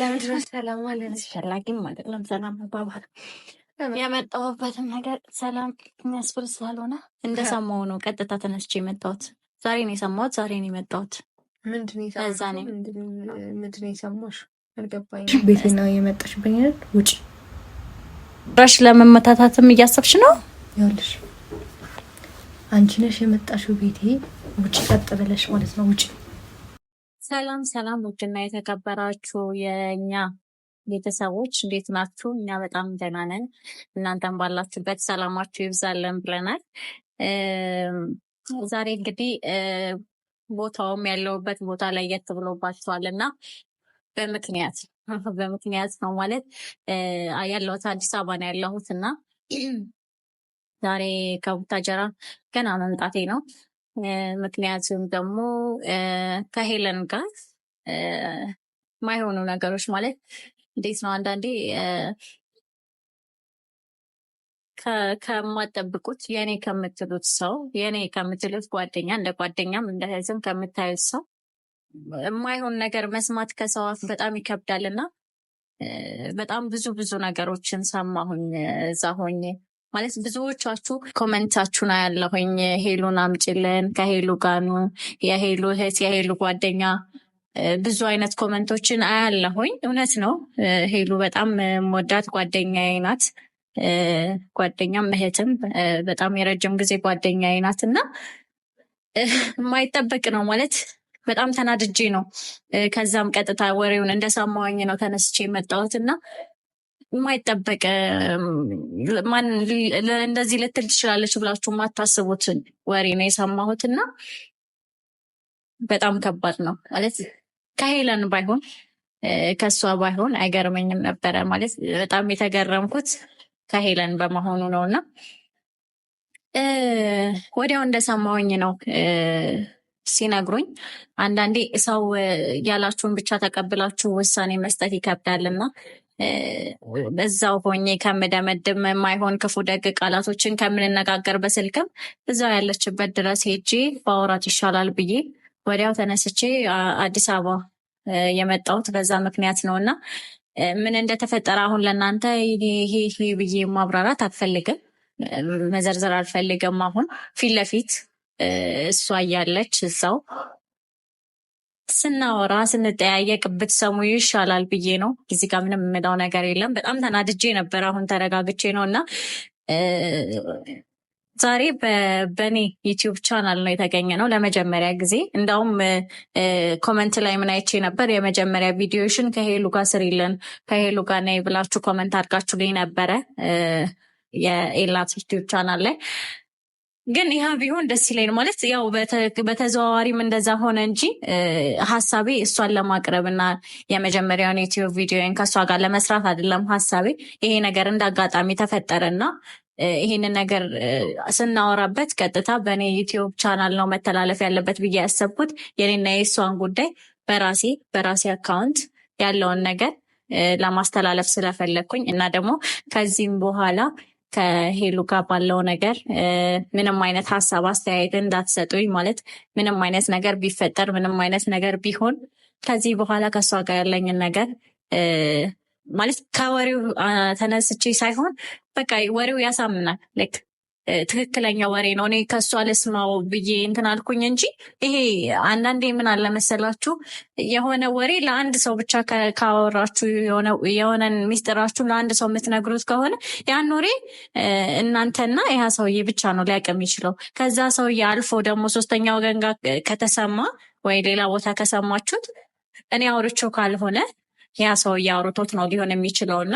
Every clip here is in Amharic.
ለምንድን ነው ሰላም ማለት አስፈላጊም አይደለም። ሰላም መባባል የመጣሁበትም ነገር ሰላም የሚያስብል ስላልሆነ እንደሰማሁ ነው። ቀጥታ ተነስቼ የመጣሁት ዛሬ ነው የሰማሁት። ዛሬ ነው የመጣሁት። ቤቴ ነው የመጣሽብኝ። ውጭ ራሽ ለመመታታትም እያሰብሽ ነው? ይኸውልሽ አንቺ ነሽ የመጣሽው ቤቴ። ውጭ ቀጥ ብለሽ ማለት ነው ውጭ ሰላም ሰላም፣ ውድና የተከበራችሁ የእኛ ቤተሰቦች እንዴት ናችሁ? እኛ በጣም ደህና ነን። እናንተም ባላችሁበት ሰላማችሁ ይብዛለን ብለናል። ዛሬ እንግዲህ ቦታውም ያለውበት ቦታ ለየት ብሎባቸዋል እና በምክንያት በምክንያት ነው ማለት ያለሁት አዲስ አበባ ነው ያለሁት እና ዛሬ ከቡታጀራ ገና መምጣቴ ነው ምክንያቱም ደግሞ ከሄለን ጋር ማይሆኑ ነገሮች ማለት እንዴት ነው አንዳንዴ ከማጠብቁት የኔ ከምትሉት ሰው የኔ ከምትሉት ጓደኛ እንደ ጓደኛም እንደ ከምታዩት ሰው የማይሆን ነገር መስማት ከሰው አፍ በጣም ይከብዳል እና በጣም ብዙ ብዙ ነገሮችን ሰማሁኝ እዛ ሆኜ ማለት ብዙዎቻችሁ ኮመንታችሁን አያለሁኝ። ሄሉን አምጭልን ከሄሉ ጋኑ፣ የሄሉ እህት፣ የሄሉ ጓደኛ ብዙ አይነት ኮመንቶችን አያለሁኝ። እውነት ነው። ሄሉ በጣም የምወዳት ጓደኛዬ ናት። ጓደኛም እህትም በጣም የረጅም ጊዜ ጓደኛዬ ናት እና የማይጠበቅ ነው ማለት በጣም ተናድጄ ነው። ከዛም ቀጥታ ወሬውን እንደሰማሁኝ ነው ተነስቼ የመጣሁት እና የማይጠበቀ ማን እንደዚህ ልትል ትችላለች ብላችሁ የማታስቡትን ወሬ ነው የሰማሁት እና በጣም ከባድ ነው ማለት ከሄለን ባይሆን ከእሷ ባይሆን አይገርመኝም ነበረ ማለት በጣም የተገረምኩት ከሄለን በመሆኑ ነው እና ወዲያው እንደሰማውኝ ነው ሲነግሩኝ አንዳንዴ ሰው ያላችሁን ብቻ ተቀብላችሁ ውሳኔ መስጠት ይከብዳልና እዛው ሆኜ ከምደመድም የማይሆን ክፉ ደግ ቃላቶችን ከምንነጋገር በስልክም እዛው ያለችበት ድረስ ሄጄ በአውራት ይሻላል ብዬ ወዲያው ተነስቼ አዲስ አበባ የመጣሁት በዛ ምክንያት ነው እና ምን እንደተፈጠረ አሁን ለእናንተ ይሄ ብዬ ማብራራት አልፈልግም፣ መዘርዘር አልፈልግም። አሁን ፊት ለፊት እሷ እያለች እዛው ስናወራ ስንጠያየቅ ሰሙ ይሻላል ብዬ ነው። እዚህ ጋር ምንም የምለው ነገር የለም። በጣም ተናድጄ ነበር። አሁን ተረጋግቼ ነው እና ዛሬ በእኔ ዩቲዩብ ቻናል ነው የተገኘ ነው ለመጀመሪያ ጊዜ። እንዳውም ኮመንት ላይ ምን አይቼ ነበር የመጀመሪያ ቪዲዮሽን ከሄሉ ጋር ስሪልን ከሄሉ ጋር ነይ ብላችሁ ኮመንት አድርጋችሁ ልኝ ነበረ የኤላት ዩቲዩብ ቻናል ላይ ግን ይህ ቢሆን ደስ ይለኝ ማለት ያው በተዘዋዋሪም እንደዛ ሆነ እንጂ ሀሳቤ እሷን ለማቅረብ እና የመጀመሪያውን ዩቲዩብ ቪዲዮን ከእሷ ጋር ለመስራት አይደለም ሀሳቤ። ይሄ ነገር እንደ አጋጣሚ ተፈጠረና ይሄንን ነገር ስናወራበት ቀጥታ በእኔ ዩቲዩብ ቻናል ነው መተላለፍ ያለበት ብዬ ያሰብኩት የኔና የእሷን ጉዳይ በራሴ በራሴ አካውንት ያለውን ነገር ለማስተላለፍ ስለፈለግኩኝ እና ደግሞ ከዚህም በኋላ ከሄሉ ጋር ባለው ነገር ምንም አይነት ሀሳብ አስተያየት እንዳትሰጡኝ፣ ማለት ምንም አይነት ነገር ቢፈጠር ምንም አይነት ነገር ቢሆን ከዚህ በኋላ ከእሷ ጋር ያለኝን ነገር ማለት ከወሬው ተነስቼ ሳይሆን በቃ ወሬው ያሳምናል ልክ ትክክለኛ ወሬ ነው። እኔ ከሱ አለስማው ብዬ እንትን አልኩኝ እንጂ ይሄ አንዳንዴ ምን አለመሰላችሁ የሆነ ወሬ ለአንድ ሰው ብቻ ካወራችሁ የሆነን ሚስጥራችሁ ለአንድ ሰው የምትነግሩት ከሆነ ያን ወሬ እናንተና ያ ሰውዬ ብቻ ነው ሊያውቅ የሚችለው። ከዛ ሰውዬ አልፎ ደግሞ ሶስተኛ ወገን ጋር ከተሰማ ወይ ሌላ ቦታ ከሰማችሁት እኔ አውርቼው ካልሆነ ያ ሰውዬ አውርቶት ነው ሊሆን የሚችለው እና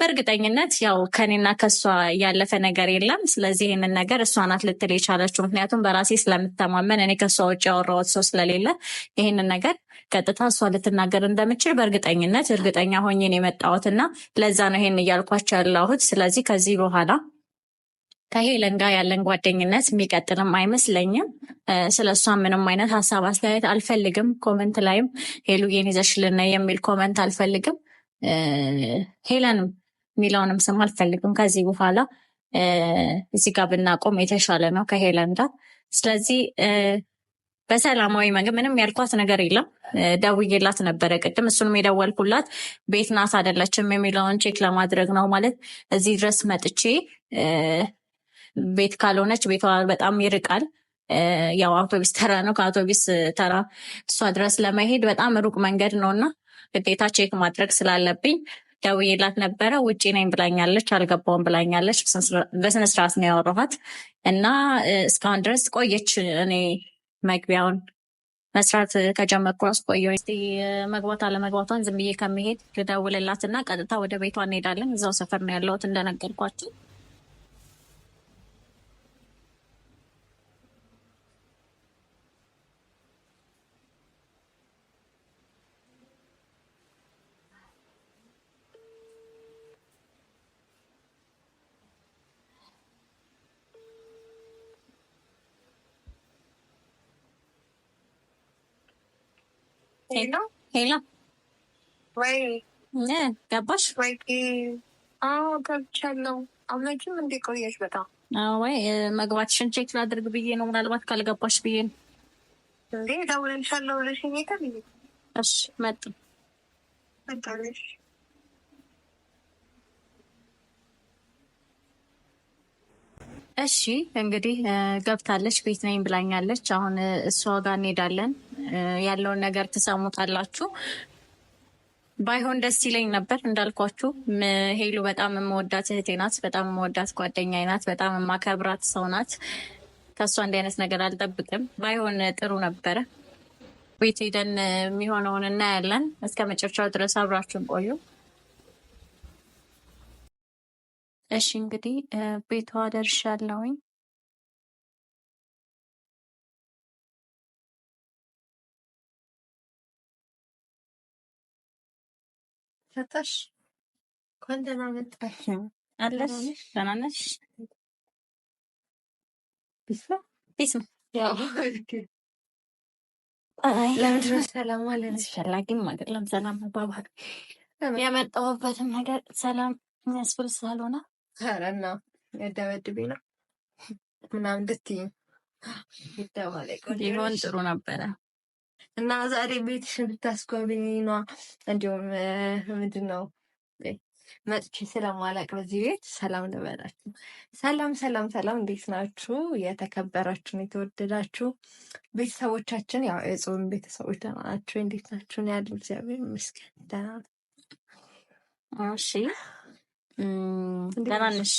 በእርግጠኝነት ያው ከኔና ከእሷ ያለፈ ነገር የለም። ስለዚህ ይህንን ነገር እሷ ናት ልትል የቻለችው ምክንያቱም በራሴ ስለምተማመን እኔ ከእሷ ውጭ ያወራሁት ሰው ስለሌለ ይህንን ነገር ቀጥታ እሷ ልትናገር እንደምችል በእርግጠኝነት እርግጠኛ ሆኜ ነው የመጣሁት እና ለዛ ነው ይሄን እያልኳቸው ያለሁት። ስለዚህ ከዚህ በኋላ ከሄለን ጋር ያለን ጓደኝነት የሚቀጥልም አይመስለኝም። ስለ እሷ ምንም አይነት ሀሳብ አስተያየት አልፈልግም። ኮመንት ላይም ሄሉ ይዘሽልን የሚል ኮመንት አልፈልግም። ሄለንም የሚለውንም ስም አልፈልግም። ከዚህ በኋላ እዚህ ጋር ብናቆም የተሻለ ነው ከሄለን ጋር። ስለዚህ በሰላማዊ መንገድ ምንም ያልኳት ነገር የለም። ደውዬላት ነበረ ቅድም። እሱንም የደወልኩላት ቤት ናት አይደለችም የሚለውን ቼክ ለማድረግ ነው። ማለት እዚህ ድረስ መጥቼ ቤት ካልሆነች ቤቷ በጣም ይርቃል። ያው አውቶቢስ ተራ ነው። ከአውቶቢስ ተራ እሷ ድረስ ለመሄድ በጣም ሩቅ መንገድ ነው እና ግዴታ ቼክ ማድረግ ስላለብኝ ደውዬላት ነበረ። ውጭ ነኝ ብላኛለች፣ አልገባውም ብላኛለች። በስነስርዓት ነው ያወራኋት እና እስካሁን ድረስ ቆየች። እኔ መግቢያውን መስራት ከጀመርኩ ራሱ ቆየ። መግባት አለመግባቷን ዝም ብዬ ከመሄድ ልደውልላት እና ቀጥታ ወደ ቤቷ እንሄዳለን። እዛው ሰፈር ነው ያለሁት እንደነገርኳቸው ሄሎ ሄሎ፣ ወይ ገባሽ ወይ? አዎ ገብቻለሁ። አምላኪም እንዴ ቆየሽ? በጣም ወይ መግባትሽን ቼክ ላድርግ ብዬ ነው፣ ምናልባት ካልገባሽ ብዬ ነው። እንዴ ደውልልሻለሁ ብለሽኝ እሺ መጣሁ። እሺ እንግዲህ ገብታለች ቤት ነኝ ብላኛለች። አሁን እሷ ጋር እንሄዳለን። ያለውን ነገር ትሰሙታላችሁ። ባይሆን ደስ ይለኝ ነበር እንዳልኳችሁ፣ ሄሉ በጣም የምወዳት እህቴ ናት። በጣም የምወዳት ጓደኛ ናት። በጣም የማከብራት ሰው ናት። ከእሷ እንዲህ አይነት ነገር አልጠብቅም። ባይሆን ጥሩ ነበረ። ቤት ሄደን የሚሆነውን እናያለን። እስከ መጨረሻው ድረስ አብራችሁን ቆዩ። እሺ እንግዲህ ቤቷ ደርሻለሁኝ። ፈጣሽ እንኳን ደህና መጣሽ። አለሽ? ደህና ነሽ? ያው አይ ሰላም ማለት ሰላም ያመጣሁበትም ነገር ሰላም የሚያስብል ስላልሆነ ተረና ያደበድቤ ነው ምናምን እንድትይኝ ቢሆን ጥሩ ነበረ። እና ዛሬ ቤትሽን ብታስጎብኝ ኗ እንዲሁም ምንድን ነው መጥቼ ስለማላቅ በዚህ ቤት ሰላም ልበላችሁ። ሰላም ሰላም ሰላም፣ እንዴት ናችሁ? የተከበራችሁን የተወደዳችሁ ቤተሰቦቻችን፣ ያው የጾም ቤተሰቦች ደህና ናችሁ? እንዴት ናችሁን? ያሉ እግዚአብሔር ይመስገን ደህና ነው። እሺ ደህና ነሽ?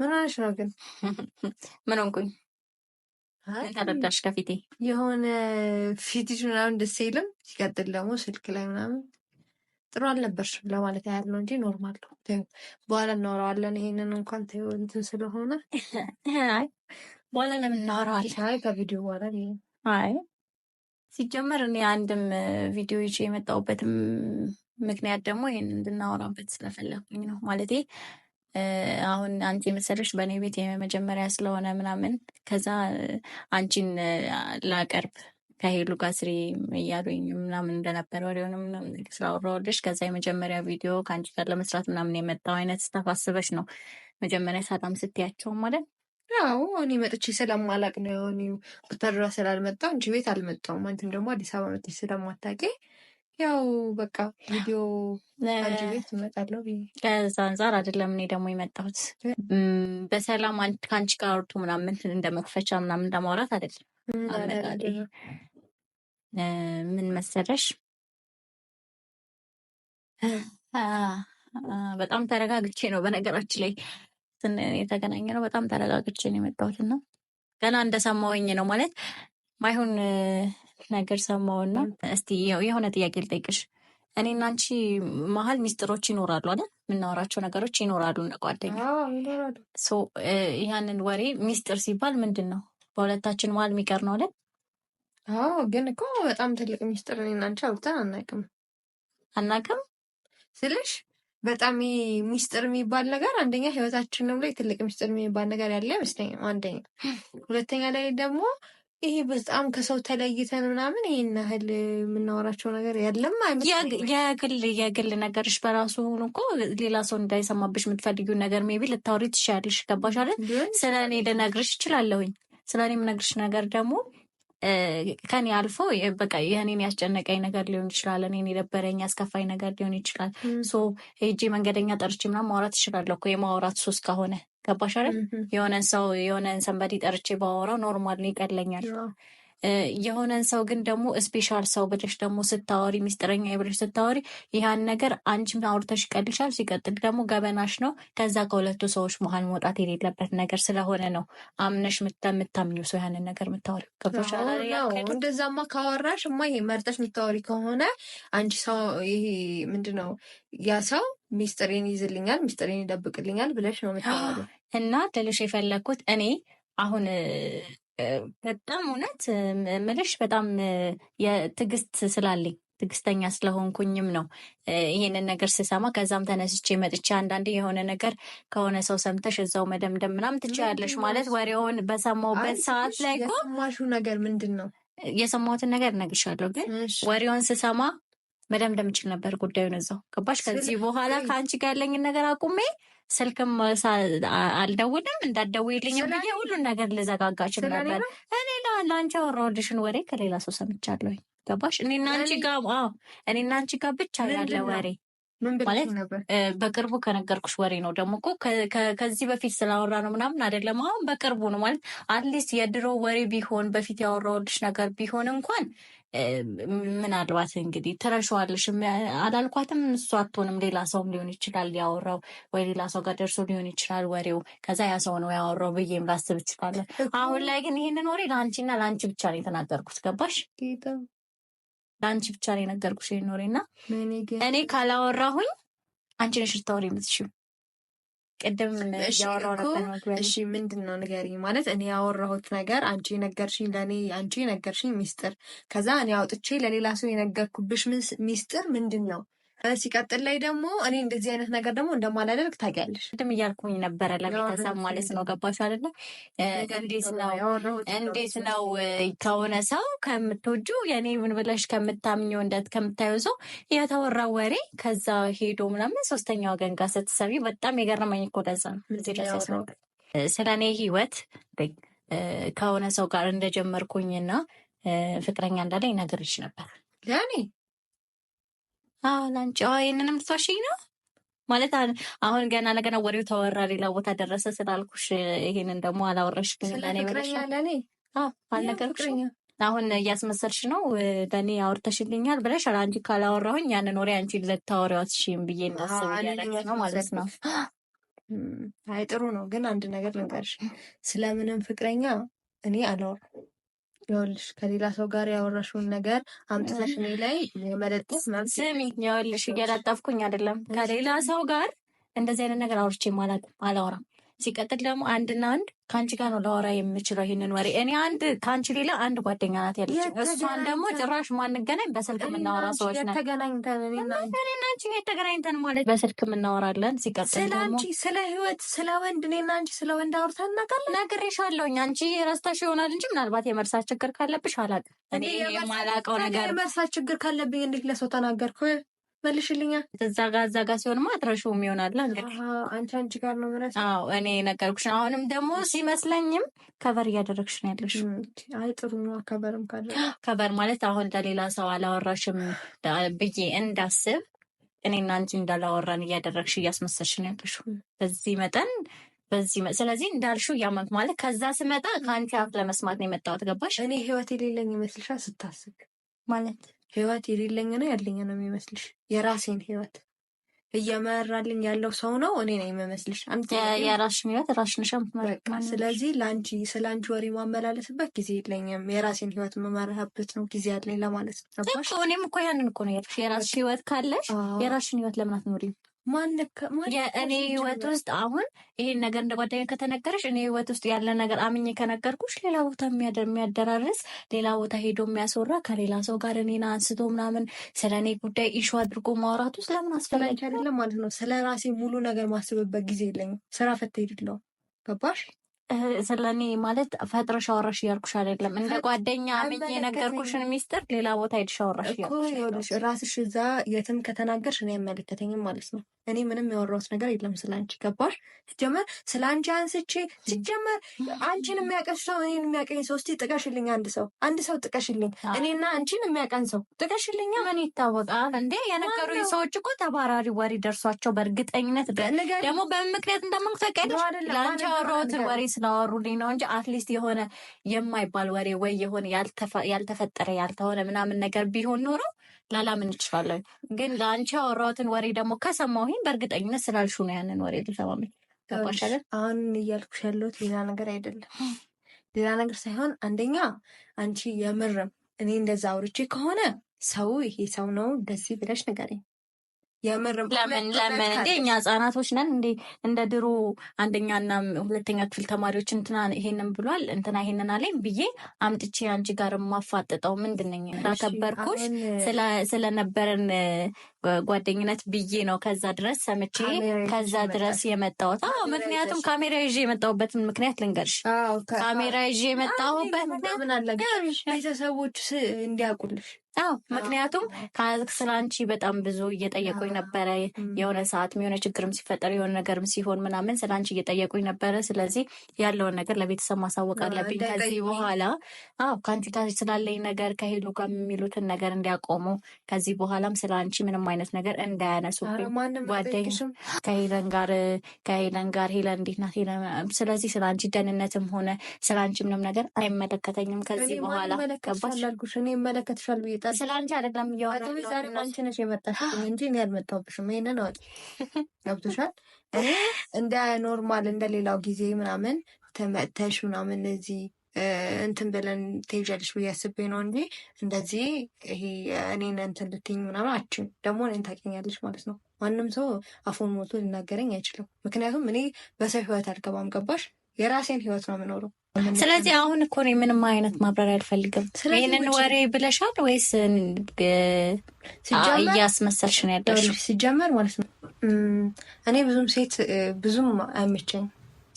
ምን ሆነሽ ነው ግን? ምን ሆንኩኝ? ተረዳሽ? ከፊቴ የሆነ ፊትሽ ምናምን ደስ ይልም። ሲቀጥል ደግሞ ስልክ ላይ ምናምን ጥሩ አልነበርሽም ለማለት ያህል ነው እንጂ ኖርማል ነው። በኋላ እናወራዋለን። ይሄንን እንኳን ተይው እንትን ስለሆነ በኋላ ለምን እናወራዋለን? ከቪዲዮ በኋላ አይ ሲጀመር እኔ አንድም ቪዲዮ ይዤ የመጣሁበትም ምክንያት ደግሞ ይህን እንድናወራበት ስለፈለኩኝ ነው። ማለት አሁን አንቺ መሰለሽ በእኔ ቤት የመጀመሪያ ስለሆነ ምናምን ከዛ አንቺን ላቀርብ ከሄሉ ጋር ስሪ እያሉኝ ምናምን እንደነበረ ወዲሆነ ስላወራሁልሽ ከዛ የመጀመሪያ ቪዲዮ ከአንቺ ጋር ለመስራት ምናምን የመጣው አይነት ስታሳስበሽ ነው። መጀመሪያ ሰላም ስትያቸው ማለት ያው እኔ መጥቼ ስለማላቅ ነው። እኔ ብታድራ ስላልመጣው እንጂ ቤት አልመጣውም። አንቺም ደግሞ አዲስ አበባ መጥቼ ስለማታውቂ ያው በቃ ቪዲዮ አንቺ ቤት እመጣለሁ ከዛ አንጻር አይደለም። እኔ ደግሞ የመጣሁት በሰላም ከአንቺ ጋር አውርቶ ምናምን እንደ መክፈቻ ምናምን እንደማውራት አይደለም። አመጣሌ ምን መሰለሽ፣ በጣም ተረጋግቼ ነው በነገራችን ላይ የተገናኘ ነው። በጣም ተረጋግቼ ነው የመጣሁት እና ገና እንደሰማሁኝ ነው ማለት ማይሆን ነገር ሰማውና እስቲ የሆነ ጥያቄ ልጠይቅሽ። እኔና አንቺ መሀል ሚስጥሮች ይኖራሉ አይደል? የምናወራቸው ነገሮች ይኖራሉ እንደ ጓደኛ። ያንን ወሬ ሚስጥር ሲባል ምንድን ነው? በሁለታችን መሀል የሚቀር ነው አይደል? ግን እኮ በጣም ትልቅ ሚስጥር እኔና አንቺ አውጥተን አናውቅም። አናውቅም ስልሽ በጣም ሚስጥር የሚባል ነገር አንደኛ ህይወታችንም ላይ ትልቅ ሚስጥር የሚባል ነገር ያለ አይመስለኝም። አንደኛ ሁለተኛ ላይ ደግሞ ይሄ በጣም ከሰው ተለይተን ምናምን ይሄን ያህል የምናወራቸው ነገር የለም። የግል የግል ነገርሽ በራሱ ሆኖ እኮ ሌላ ሰው እንዳይሰማብሽ የምትፈልጊው ነገር ሜቢ ቢ ልታወሪ ትችያለሽ። ገባሽ አይደል? ስለ እኔ ልነግርሽ እችላለሁኝ። ስለ እኔ የምነግርሽ ነገር ደግሞ ከኔ አልፎ በቃ የእኔን ያስጨነቀኝ ነገር ሊሆን ይችላል። እኔን የደበረኝ ያስከፋኝ ነገር ሊሆን ይችላል። ሶ ሄጂ መንገደኛ ጠርቼ ምናምን ማውራት እችላለሁ እኮ የማውራት ሶስት ከሆነ ገባሽ አይደል? የሆነን ሰው የሆነን ሰንበዲ ጠርቼ ባወራው ኖርማል ይቀለኛል። የሆነን ሰው ግን ደግሞ ስፔሻል ሰው ብለሽ ደግሞ ስታወሪ ሚስጥረኛ ብለሽ ስታወሪ ይህን ነገር አንቺም አውርተሽ ይቀልሻል። ሲቀጥል ደግሞ ገበናሽ ነው። ከዛ ከሁለቱ ሰዎች መሀል መውጣት የሌለበት ነገር ስለሆነ ነው አምነሽ የምታምኙ ሰው ያንን ነገር የምታወሪ ገብቶሻል። እንደዛማ ካወራሽ እማ ይሄ መርጠሽ የምታወሪ ከሆነ አንቺ ሰው ይሄ ምንድን ነው ያ ሰው ሚስጥሬን ይዝልኛል፣ ሚስጥሬን ይደብቅልኛል ብለሽ ነው ምታወሪ እና ትልሽ የፈለግኩት እኔ አሁን በጣም እውነት ምልሽ በጣም የትዕግስት ስላለኝ ትዕግስተኛ ስለሆንኩኝም ነው ይሄንን ነገር ስሰማ ከዛም ተነስቼ መጥቼ አንዳንዴ የሆነ ነገር ከሆነ ሰው ሰምተሽ እዛው መደምደም ምናምን ትችያለሽ። ማለት ወሬውን በሰማሁበት ሰዓት ላይ እኮ ነገር ምንድን ነው? የሰማሁትን ነገር እነግርሻለሁ፣ ግን ወሬውን ስሰማ መደምደም እችል ነበር ጉዳዩን እዛው ገባሽ። ከዚህ በኋላ ከአንቺ ጋር ያለኝን ነገር አቁሜ ስልክም አልደውልም እንዳትደውይልኝም ብዬ ሁሉን ነገር ልዘጋጋችል ነበር። እኔ ለአንቺ ያወራሁልሽን ወሬ ከሌላ ሰው ሰምቻለ ገባሽ? እኔና አንቺ ጋ እኔና አንቺ ብቻ ያለ ወሬ ማለት በቅርቡ ከነገርኩሽ ወሬ ነው። ደግሞ እኮ ከዚህ በፊት ስላወራ ነው ምናምን አይደለም። አሁን በቅርቡ ነው ማለት አትሊስት የድሮ ወሬ ቢሆን በፊት ያወራሁልሽ ነገር ቢሆን እንኳን ምናልባት እንግዲህ ትረሸዋለሽ አላልኳትም። እሱ አትሆንም፣ ሌላ ሰውም ሊሆን ይችላል ያወራው፣ ወይ ሌላ ሰው ጋር ደርሶ ሊሆን ይችላል ወሬው፣ ከዛ ያ ሰው ነው ያወራው ብዬም ላስብ እችላለሁ። አሁን ላይ ግን ይህንን ወሬ ለአንቺና ለአንቺ ብቻ ነው የተናገርኩት። ገባሽ? ለአንቺ ብቻ ነው የነገርኩሽ ይህን ወሬ እና እኔ ካላወራሁኝ አንቺ ነሽ ልታወሪ የምትችይው ቅድም እሺ፣ ምንድን ነው ንገሪኝ። ማለት እኔ ያወራሁት ነገር አንቺ የነገርሽኝ ለእኔ አንቺ የነገርሽኝ ሚስጥር፣ ከዛ እኔ አውጥቼ ለሌላ ሰው የነገርኩብሽ ሚስጥር ምንድን ነው? ሲቀጥል ላይ ደግሞ እኔ እንደዚህ አይነት ነገር ደግሞ እንደማላደርግ ታውቂያለሽ። ድም እያልኩኝ ነበረ ለቤተሰብ ማለት ነው። ገባሽ አይደለ? እንዴት ነው ከሆነ ሰው ከምትወጁ የኔ ምን ብለሽ ከምታምኘው እንደት ከምታየው ሰው የተወራ ወሬ ከዛ ሄዶ ምናምን ሶስተኛ ወገን ጋር ስትሰቢ በጣም የገረመኝ እኮ ለዛ ነው ስለ እኔ ህይወት ከሆነ ሰው ጋር እንደጀመርኩኝና ፍቅረኛ እንዳለኝ ነገርች ነበር ለእኔ ላንቺ ይህንንም ልትዋሽኝ ነው ማለት አሁን ገና ለገና ወሬው ተወራ ሌላ ቦታ ደረሰ ስላልኩሽ ይሄንን ደግሞ አላወረሽ ግን ለእኔ አልነገርኩሽም። አሁን እያስመሰልሽ ነው ለእኔ አውርተሽልኛል ብለሽ አንቺ ካላወራሁኝ ያንን ወሬ አንቺ ልታወሪው አትችይም ብዬ እንዳስብ ነው ማለት ነው። አይ ጥሩ ነው። ግን አንድ ነገር ልንገርሽ፣ ስለምንም ፍቅረኛ እኔ አላወራም ይኸውልሽ ከሌላ ሰው ጋር ያወራሽውን ነገር አምጥተሽ እኔ ላይ መለጠፍ ምናምን። ስሚ ይኸውልሽ እያላጠፍኩኝ አይደለም። ከሌላ ሰው ጋር እንደዚህ አይነት ነገር አውርቼ አላወራም። ሲቀጥል ደግሞ አንድና አንድ ከአንቺ ጋር ነው ለወራ የምችለው ይህንን ወሬ። እኔ አንድ ከአንቺ ሌላ አንድ ጓደኛ ናት ያለች፣ እሷን ደግሞ ጭራሽ ማንገናኝ በስልክ የምናወራ ሰዎች ነን። እኔና አንቺ የተገናኝተን ማለት በስልክ የምናወራለን። ሲቀጥል ስለ አንቺ፣ ስለ ህይወት፣ ስለ ወንድ፣ እኔና አንቺ ስለ ወንድ አውርተን እናውቃለን። ነግሬሻለሁኝ። አንቺ ረስተሽ ይሆናል እንጂ ምናልባት የመርሳት ችግር ካለብሽ አላውቅም። እኔ የማላውቀው ነገር የመርሳት ችግር ካለብኝ እንዴት ለሰው ተናገርኩ? መልሽልኛ እዛ ጋ እዛ ጋ ሲሆንማ አትረሺውም ይሆናል። አንቺ አንቺ ጋር ነው ምረት እኔ ነገርኩሽ። አሁንም ደግሞ ሲመስለኝም ከበር እያደረግሽ ነው ያለሽ። አይ ጥሩ ነው። ከቨርም ከቨር ማለት አሁን ለሌላ ሰው አላወራሽም ብዬ እንዳስብ እኔ እና አንቺ እንዳላወራን እያደረግሽ እያስመሰልሽ ነው ያለሽው በዚህ መጠን በዚህ ስለዚህ እንዳልሹ እያመንኩ ማለት ከዛ ስመጣ ከአንቺ አፍ ለመስማት ነው የመጣሁት። ገባሽ? እኔ ህይወት የሌለኝ ይመስልሻ ስታስብ ማለት ህይወት የሌለኝ ነው ያለኝ ነው የሚመስልሽ? የራሴን ህይወት እየመራልኝ ያለው ሰው ነው እኔ ነው የሚመስልሽ? የራስሽን ህይወት ራስሽን ሸምትመ ስለዚህ ለአንቺ ስለ አንቺ ወሬ ማመላለስበት ጊዜ የለኝም። የራሴን ህይወት መመራበት ነው ጊዜ ያለኝ ለማለት ነው። እኔም እኮ ያንን እኮ ነው የራስሽ ህይወት ካለሽ የራስሽን ህይወት ለምን አትኖሪም? የእኔ ህይወት ውስጥ አሁን ይሄን ነገር እንደ ጓደኛ ከተነገረሽ እኔ ህይወት ውስጥ ያለ ነገር አምኜ ከነገርኩሽ ሌላ ቦታ የሚያደራርስ ሌላ ቦታ ሄዶ የሚያስወራ ከሌላ ሰው ጋር እኔን አንስቶ ምናምን ስለ እኔ ጉዳይ ኢሹ አድርጎ ማውራት ውስጥ ለምን አስፈላጊ አይደለም ማለት ነው። ስለ ራሴ ሙሉ ነገር ማስብበት ጊዜ የለኝም። ስራ ፈት ሄድለው ገባሽ? ስለኔ ማለት ፈጥረሽ አወራሽ እያልኩሽ አይደለም። እንደ ጓደኛ አምኜ የነገርኩሽን ሚስጥር ሌላ ቦታ ሄድሽ አወራሽ እያልኩሽ ራስሽ እዛ የትም ከተናገርሽ እኔ አይመለከተኝም ማለት ነው። እኔ ምንም ያወራሁት ነገር የለም ስለ አንቺ። ገባሽ? ሲጀመር ስለ አንቺ አንስቼ ሲጀመር አንቺን የሚያቀሽ ሰው እኔን የሚያቀኝ ሰው፣ እስኪ ጥቀሽልኝ። አንድ ሰው አንድ ሰው ጥቀሽልኝ። እኔና አንቺን የሚያቀን ሰው ጥቀሽልኛ። ምን ይታወቃል እንዴ? የነገሩ ሰዎች እኮ ተባራሪ ወሬ ደርሷቸው በእርግጠኝነት ደግሞ በምን ምክንያት እንደማንኩ ለአንቺ ያወራሁትን ወሬ ስላወሩልኝ ነው እንጂ አትሊስት የሆነ የማይባል ወሬ ወይ የሆነ ያልተፈጠረ ያልተሆነ ምናምን ነገር ቢሆን ኖሮ ላላምን እችላለሁ። ግን ለአንቺ ያወራሁትን ወሬ ደግሞ ከሰማሁኝ በእርግጠኝነት ስላልሹ ነው ያንን ወሬ ልሰማምን። ገባሻለን? አሁን እያልኩሽ ያለሁት ሌላ ነገር አይደለም፣ ሌላ ነገር ሳይሆን አንደኛ አንቺ የምርም እኔ እንደዛ አውርቼ ከሆነ ሰው ይሄ ሰው ነው እንደዚህ ብለሽ ንገረኝ። ለምን ለምን እንዴ እኛ ህጻናቶች ነን እንዴ? እንደ ድሮ አንደኛና ሁለተኛ ክፍል ተማሪዎች እንትና ይሄንን ብሏል እንትና ይሄንን አለኝ ብዬ አምጥቼ አንቺ ጋር የማፋጥጠው ምንድን ነኝ? እንዳከበርኩሽ ስለነበረን ጓደኝነት ብዬ ነው። ከዛ ድረስ ሰምቼ ከዛ ድረስ የመጣሁት ምክንያቱም ካሜራ ይዤ የመጣሁበትን ምክንያት ልንገርሽ። ካሜራ ይዤ የመጣሁበት ቤተሰቦች እንዲያውቁልሽ አዎ ምክንያቱም አንቺ በጣም ብዙ እየጠየቁኝ ነበረ። የሆነ ሰዓት የሆነ ችግርም ሲፈጠር የሆነ ነገርም ሲሆን ምናምን ስለ አንቺ እየጠየቁኝ ነበረ። ስለዚህ ያለውን ነገር ለቤተሰብ ማሳወቅ አለብኝ ከዚህ በኋላ። አዎ ከአንቺ ስላለኝ ነገር ከሄሉ ጋር የሚሉትን ነገር እንዲያቆሙ ከዚህ በኋላም ስለ አንቺ ምንም አይነት ነገር እንዳያነሱብኝ። ጓደኛ ከሄለን ጋር ከሄለን ጋር ሄለን እንዴት ናት? ስለዚህ አንቺ ደህንነትም ሆነ ስለ አንቺ ምንም ነገር አይመለከተኝም ከዚህ በኋላ ገባሽ? የመጣሽ ስለ አንቺ አይደለም እያወራሁ ዛሬ አንቺ ነሽ የመጣሽ እንጂ እኔ አልመጣሁብሽም። ይሄንን አውቂ ገብቶሻል። እኔ እንደ ኖርማል እንደ ሌላው ጊዜ ምናምን ተመተሽ ምናምን እዚህ እንትን ብለን ትሄጃለሽ ብዬ አስቤ ነው እንጂ እንደዚህ ይሄ እኔን እንትን ልትይኝ ምናምን አችን ደግሞ እኔን ታውቂኛለሽ ማለት ነው። ማንም ሰው አፉን ሞልቶ ሊናገረኝ አይችልም። ምክንያቱም እኔ በሰው ህይወት አልገባም። ገባሽ? የራሴን ህይወት ነው የምኖረው ስለዚህ አሁን እኮ እኔ ምንም አይነት ማብራሪያ አልፈልግም። ይህንን ወሬ ብለሻል ወይስ እያስመሰልሽ ነው ያለሽ? ሲጀመር ማለት ነው እኔ ብዙም ሴት ብዙም አይመቸኝ።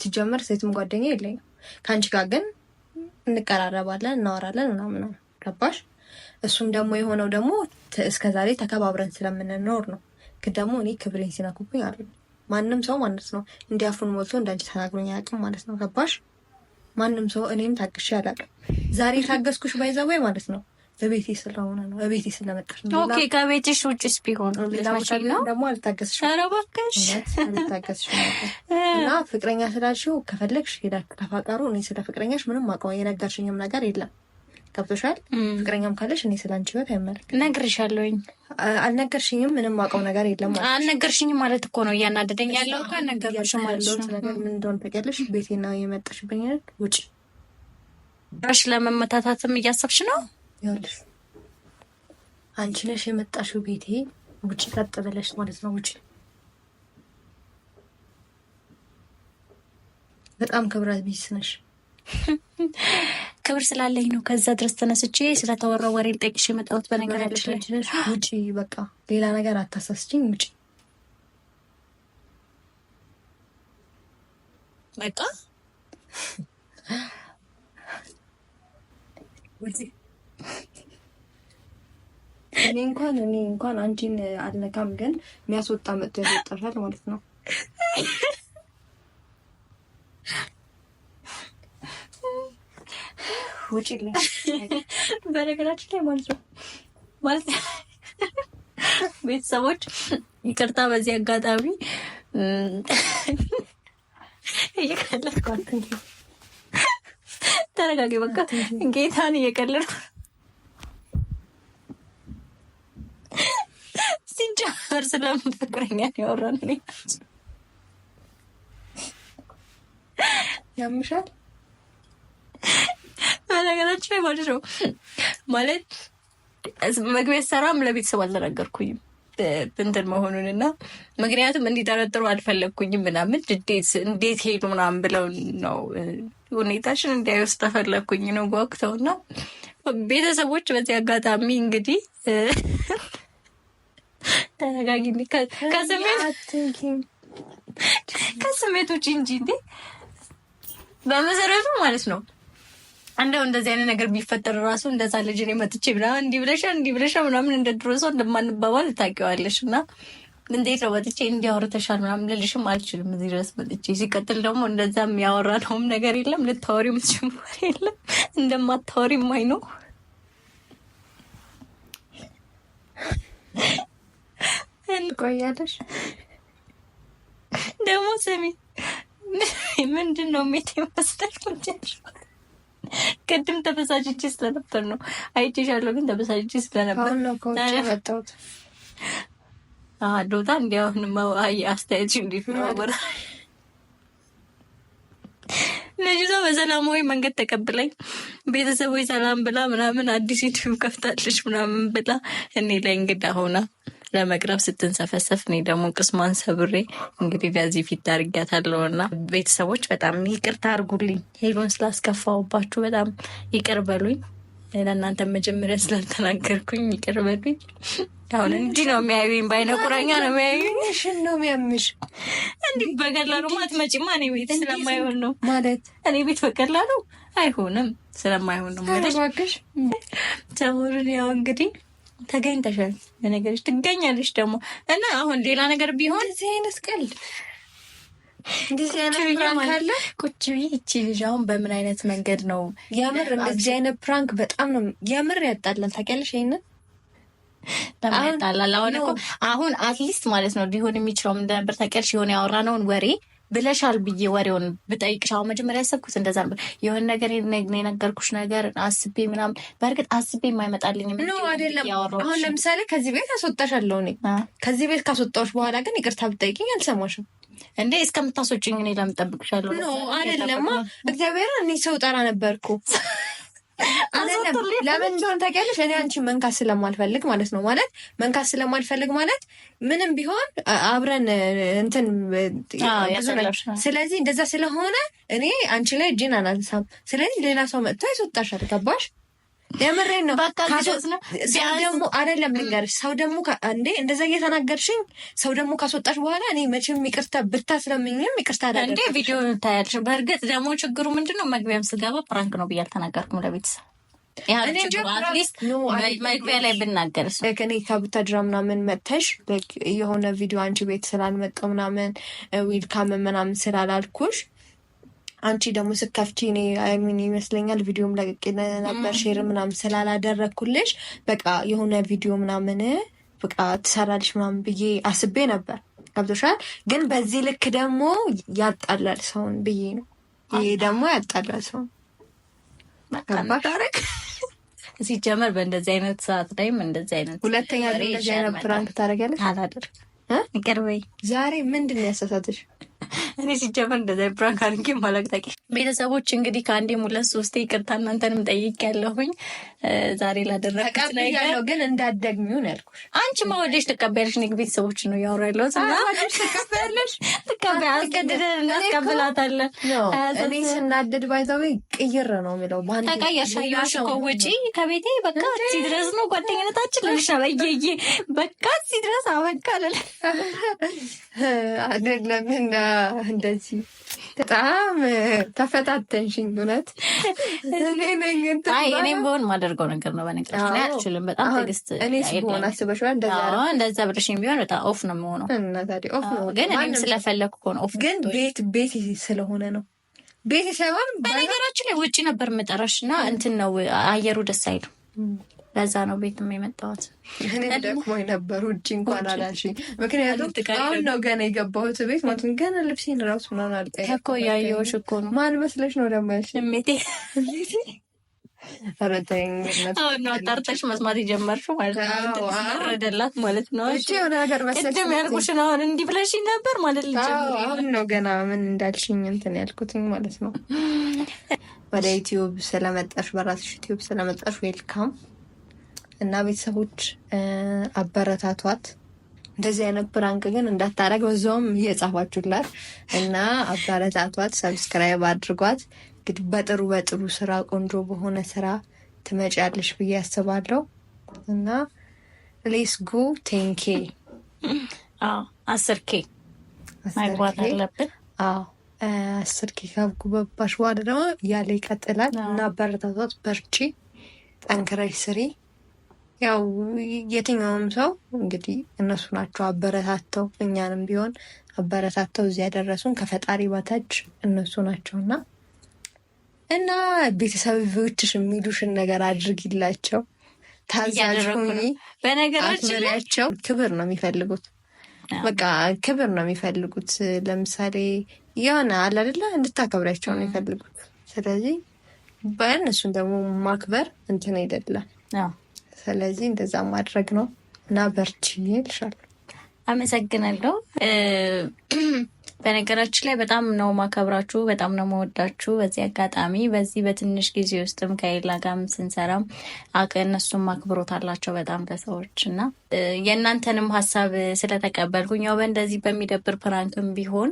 ሲጀመር ሴትም ጓደኛ የለኝም። ከአንቺ ጋር ግን እንቀራረባለን፣ እናወራለን ምናምን ገባሽ? እሱም ደግሞ የሆነው ደግሞ እስከዛሬ ተከባብረን ስለምንኖር ነው። ግን ደግሞ እኔ ክብሬን ሲነኩብኝ አሉ ማንም ሰው ማለት ነው እንዲያፉን ሞልቶ እንዳንቺ ተናግሮኝ አያውቅም ማለት ነው ገባሽ? ማንም ሰው እኔም ታግሼ አላውቅም። ዛሬ ታገዝኩሽ ባይዘወይ ማለት ነው በቤቴ ስለሆነ ነው በቤቴ ስለመጣሽ ነው። ከቤትሽ ውጭስ ቢሆን ደግሞ አልታገስሽ አልታገስሽ እና ፍቅረኛ ስላልሽው ከፈለግሽ ሄዳ ተፋቀሩ። እኔ ስለ ፍቅረኛሽ ምንም አውቀው የነገርሽኝም ነገር የለም ገብቶሻል። ፍቅረኛም ካለሽ እኔ ስለ አንቺ ህይወት አይመለከትም። ነግርሻለሁኝ። አልነገርሽኝም። ምንም አውቀው ነገር የለም። አልነገርሽኝም ማለት እኮ ነው እያናደደኝ ያለው። አልነገርሽም ያለሁት ነገር ምን እንደሆነ ታውቂያለሽ። ቤቴና የመጣሽብኝ ውጭ ራሽ ለመመታታትም እያሰብሽ ነው። ይኸውልሽ አንቺ ነሽ የመጣሽው ቤቴ ውጭ ቀጥ ብለሽ ማለት ነው። ውጭ በጣም ክብረት ቢስ ነሽ። ክብር ስላለኝ ነው። ከዛ ድረስ ተነስቼ ስለተወራ ወሬን ጠቅሽ የመጣሁት በነገራችን ላይ ውጪ፣ በቃ ሌላ ነገር አታሳስችኝ፣ ውጪ በቃ እኔ እንኳን እኔ እንኳን አንቺን አልነካም፣ ግን የሚያስወጣ መጥቶ ያስወጣሻል ማለት ነው። ውጭ በነገራችን ላይ ማለት ነው ማለት ቤተሰቦች ይቅርታ፣ በዚህ አጋጣሚ እየቀለድኩ ተረጋጊ፣ በቃ ጌታን እየቀለድኩ ሲጀመር ስለምፈቅረኛ ያወራን ያምሻል ነገራችን ማለት ነው። ማለት ምግቤ ሰራም ለቤተሰብ አልተናገርኩኝም እንትን መሆኑን እና ምክንያቱም እንዲጠረጥሩ አልፈለግኩኝም ምናምን እንዴት እንዴት ሄዱ ምናምን ብለው ነው ሁኔታችን እንዲያዩስ ተፈለግኩኝ ነው ጓግተው እና ቤተሰቦች በዚህ አጋጣሚ እንግዲህ ተረጋጊ ከስሜት ውጭ እንጂ እንዴ በመሰረቱ ማለት ነው እንደው እንደዚህ አይነት ነገር ቢፈጠር ራሱ እንደዛ ልጅ እኔ መጥቼ ምናምን እንዲህ ብለሻ እንዲህ ብለሻ ምናምን እንደ ድሮ ሰው እንደማንባባል ታውቂዋለሽ። እና እንዴት ነው መጥቼ እንዲህ አውርተሻል ምናምን ልልሽም አልችልም እዚህ ድረስ መጥቼ። ሲቀጥል ደግሞ እንደዛ የሚያወራ ነውም ነገር የለም ልታወሪ ምትጀምር የለም እንደማታወሪ ማይ ነው ቆያለሽ ደግሞ ሰሚ ምንድን ነው ሜት ይመስላል ቅድም ተበሳጭቼ ስለነበር ነው። አይቼሻለሁ፣ ግን ተበሳጭቼ ስለነበር መጣሁት። ዶታ እንዲ አሁን አስተያየት እንዴት ነው? ልጅቷ በሰላማዊ መንገድ ተቀብላኝ ቤተሰቦች ሰላም ብላ ምናምን አዲስ ዩቲዩብ ከፍታለች ምናምን ብላ እኔ ላይ እንግዳ ሆና ለመቅረብ ስትንሰፈሰፍ እኔ ደግሞ ቅስሟን ሰብሬ እንግዲህ በዚህ ፊት ዳርጊያታለሁ እና ቤተሰቦች በጣም ይቅርታ አድርጉልኝ። ሄሎን ስላስከፋውባችሁ በጣም ይቅር በሉኝ። ለእናንተ መጀመሪያ ስላልተናገርኩኝ ይቅር በሉኝ። አሁን እንዲህ ነው የሚያዩኝ፣ በአይነ ቁራኛ ነው የሚያዩኝ። ሽን ነው የሚያምሽ። እንዲህ በቀላሉ ማት መጪማ እኔ ቤት ስለማይሆን ነው ማለት እኔ ቤት በቀላሉ አይሆንም ስለማይሆን ነው ማለት ሰሞኑን ያው እንግዲህ ተገኝተሻል። በነገርሽ ትገኛለሽ ደግሞ እና አሁን ሌላ ነገር ቢሆን እዚህ አይነት ቀልድ ቁጭ ብዬ ይቺ ልጅ አሁን በምን አይነት መንገድ ነው የምር እንደዚህ አይነት ፕራንክ በጣም ነው የምር ያጣለን። ታውቂያለሽ ይህንን በጣም ያጣላል። አሁን እኮ አሁን አትሊስት ማለት ነው ሊሆን የሚችለው ምንድን ነበር ታውቂያለሽ? የሆነ ያወራነውን ወሬ ብለሻል ብዬ ወሬውን ብጠይቅሽ አሁን መጀመሪያ ያሰብኩት እንደዛ ነበር። የሆነ ነገር የነገርኩሽ ነገር አስቤ ምናምን በእርግጥ አስቤ የማይመጣልኝ አይደለም። አሁን ለምሳሌ ከዚህ ቤት አስወጣሻለሁ እኔ ከዚህ ቤት ካስወጣሁሽ በኋላ ግን ይቅርታ ብጠይቅኝ አልሰማሽም እንዴ እስከምታስወጭኝ እኔ ለምጠብቅሻለሁ አይደለማ። እግዚአብሔር እኔ ሰው ጠራ ነበርኩ ለምን እንደሆነ ታውቂያለሽ? እኔ አንቺ መንካት ስለማልፈልግ ማለት ነው። ማለት መንካት ስለማልፈልግ ማለት ምንም ቢሆን አብረን እንትን ስለዚህ እንደዛ ስለሆነ እኔ አንቺ ላይ እጅን አላነሳም። ስለዚህ ሌላ ሰው መጥቶ ያስወጣሻል። ገባሽ? የምሬን ነው። ሰው ደግሞ አይደለም ልንገርሽ፣ ሰው ደግሞ እንዴ እንደዛ እየተናገርሽኝ ሰው ደግሞ ካስወጣሽ በኋላ እኔ መቼም ይቅርታ ብታ ስለምኝም ይቅርታ እንዴ ቪዲዮ ታያለሽ። በእርግጥ ደግሞ ችግሩ ምንድን ነው? መግቢያም ስገባ ፕራንክ ነው ብዬ አልተናገርኩም ለቤተሰብ መግቢያ ላይ ብናገር እኔ ከቡታጅራ ምናምን መጥተሽ የሆነ ቪዲዮ አንቺ ቤት ስላልመጣሁ ምናምን ዊልካም ምናምን ስላላልኩሽ አንቺ ደግሞ ስከፍቺ እኔ አይሚን ይመስለኛል ቪዲዮም ለቅቄ ነበር ሼር ምናምን ስላላደረግኩልሽ በቃ የሆነ ቪዲዮ ምናምን በቃ ትሰራልሽ ምናምን ብዬ አስቤ ነበር። ገብቶሻል። ግን በዚህ ልክ ደግሞ ያጣላል ሰውን ብዬ ነው። ይሄ ደግሞ ያጣላል ሰውን መቀመጣረግ ሲጀመር በእንደዚህ አይነት ሰዓት ላይም እንደዚህ አይነት ሁለተኛ እንደዚህ አይነት ፕራንክ ታደርጊያለሽ? አላደርግም። ይቅር በይ። ዛሬ ምንድን ነው ያሳሳትሽ? እኔ ሲጀመር እንደዛ ፕራንክ አድርጌ ማለቅጠቂ ቤተሰቦች እንግዲህ ከአንዴ ሙለት ሶስቴ ይቅርታ እናንተንም ጠይቅ ያለሁኝ ዛሬ ላደረግኩት ነገር ግን እንዳደግሚው ነው ያልኩሽ። አንቺ ማወደሽ ትቀበያለሽ። እኔ ቤተሰቦች ነው እያወራ ያለሁት። ተቀበያለሽ፣ አስገድደን እናስቀብላታለን። እኔ ስናደድ ባይዛዊ ቅይር ነው የሚለው ተቀየርሽ እኮ ውጪ ከቤቴ በቃ እዚህ ድረስ ነው ጓደኝነታችን። ልሻ በየዬ በቃ እዚህ ድረስ አበቃለን አደግለምና እንደዚህ በጣም ተፈታተንሽኝ። እውነት እኔም በሆን ማደርገው ነገር ነው። በነገራችን ላይ አልችልም። በጣም ትዕግስት እንደዛ ብለሽኝ ቢሆን በጣም ኦፍ ነው የምሆነው። ግን እኔም ስለፈለግኩ ሆነ ኦፍ ግን ቤት ቤት ስለሆነ ነው። ቤተሰብም በነገራችን ላይ ውጭ ነበር የምጠራሽ እና እንትን ነው አየሩ ደስ አይልም። ለዛ ነው ቤት የመጣሁት። እኔ ደግሞ የነበሩ እጅ እንኳን አላሽ። ምክንያቱም አሁን ነው ገና የገባሁት ቤት ማለት ገና ልብሴን ራሱ ምናምን አልቀየርኩም እኮ ያየሁሽ እኮ ነው። ማን መስለሽ ነው ደግሞ ያልሽ? ሜቴ አሁን አጣርተሽ መስማት የጀመርሽው ማለት ነው። ረደላት ማለት ነው። የሆነ ነገር ቅድም ያልኩሽን አሁን እንዲህ ብለሽኝ ነበር ማለት አሁን ነው ገና ምን እንዳልሽኝ እንትን ያልኩትኝ ማለት ነው። ወደ ዩቲዩብ ስለመጣሽ በራስሽ ዩቲዩብ ስለመጣሽ ዌልካም እና ቤተሰቦች አበረታቷት። እንደዚህ አይነት ፕራንክ ግን እንዳታረግ በዛውም እየጻፋችሁላት እና አበረታቷት፣ ሰብስክራይብ አድርጓት። እንግዲህ በጥሩ በጥሩ ስራ ቆንጆ በሆነ ስራ ትመጪያለሽ ብዬ አስባለሁ እና ሌስ ጉ ቴንኬ አስር ኬ ማግባት አለብን። አስር ኬ በባሽ ዋደ ደግሞ እያለ ይቀጥላል እና አበረታቷት። በርቺ፣ ጠንክረሽ ስሪ። ያው የትኛውም ሰው እንግዲህ እነሱ ናቸው አበረታተው እኛንም ቢሆን አበረታተው እዚህ ያደረሱን ከፈጣሪ በታች እነሱ ናቸውና እና እና ቤተሰቦችሽ የሚሉሽን ነገር አድርጊላቸው፣ ታዛዥ በነገራቸው ክብር ነው የሚፈልጉት። በቃ ክብር ነው የሚፈልጉት። ለምሳሌ የሆነ አለ አይደለ እንድታከብሪያቸው ነው የሚፈልጉት። ስለዚህ በእነሱን ደግሞ ማክበር እንትን አይደለም ስለዚህ እንደዛ ማድረግ ነው እና በርቺ ይልሻል። አመሰግናለሁ። በነገራችን ላይ በጣም ነው ማከብራችሁ፣ በጣም ነው መወዳችሁ። በዚህ አጋጣሚ በዚህ በትንሽ ጊዜ ውስጥም ከሌላ ጋም ስንሰራም እነሱም አክብሮት አላቸው በጣም በሰዎች እና የእናንተንም ሀሳብ ስለተቀበልኩኝ ያው በእንደዚህ በሚደብር ፕራንክም ቢሆን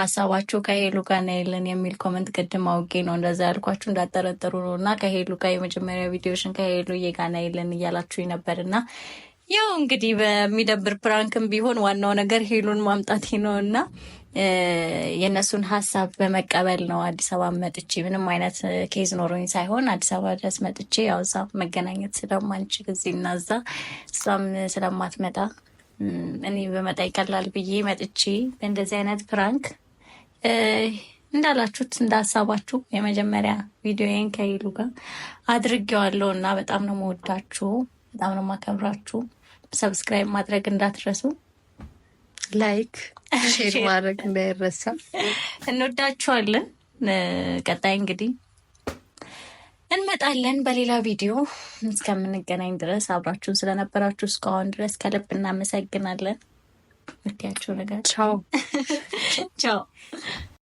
ሀሳባችሁ ከሄሉ ጋር የለን የሚል ኮመንት ቅድም አውቄ ነው እንደዛ ያልኳችሁ እንዳጠረጠሩ ነው እና ከሄሉ ጋር የመጀመሪያ ቪዲዮሽን ከሄሉ የጋና የለን እያላችሁ ነበር እና ያው እንግዲህ በሚደብር ፕራንክም ቢሆን ዋናው ነገር ሄሉን ማምጣት ነው እና የእነሱን ሀሳብ በመቀበል ነው አዲስ አበባ መጥቼ ምንም አይነት ኬዝ ኖሮኝ ሳይሆን አዲስ አበባ ድረስ መጥቼ ያው እዛ መገናኘት ስለማንችል እዚህ እና እዛ እሷም ስለማትመጣ እኔ በመጣ ይቀላል ብዬ መጥቼ በእንደዚህ አይነት ፕራንክ እንዳላችሁት እንዳሳባችሁ የመጀመሪያ ቪዲዮዬን ከሄሉ ጋር አድርጌዋለሁ እና በጣም ነው መወዳችሁ፣ በጣም ነው ማከብራችሁ። ሰብስክራይብ ማድረግ እንዳትረሱ፣ ላይክ ሼር ማድረግ እንዳይረሳ። እንወዳችኋለን። ቀጣይ እንግዲህ እንመጣለን በሌላ ቪዲዮ። እስከምንገናኝ ድረስ አብራችሁን ስለነበራችሁ እስካሁን ድረስ ከልብ እናመሰግናለን። ምትያቸው ነገር ቻው ቻው።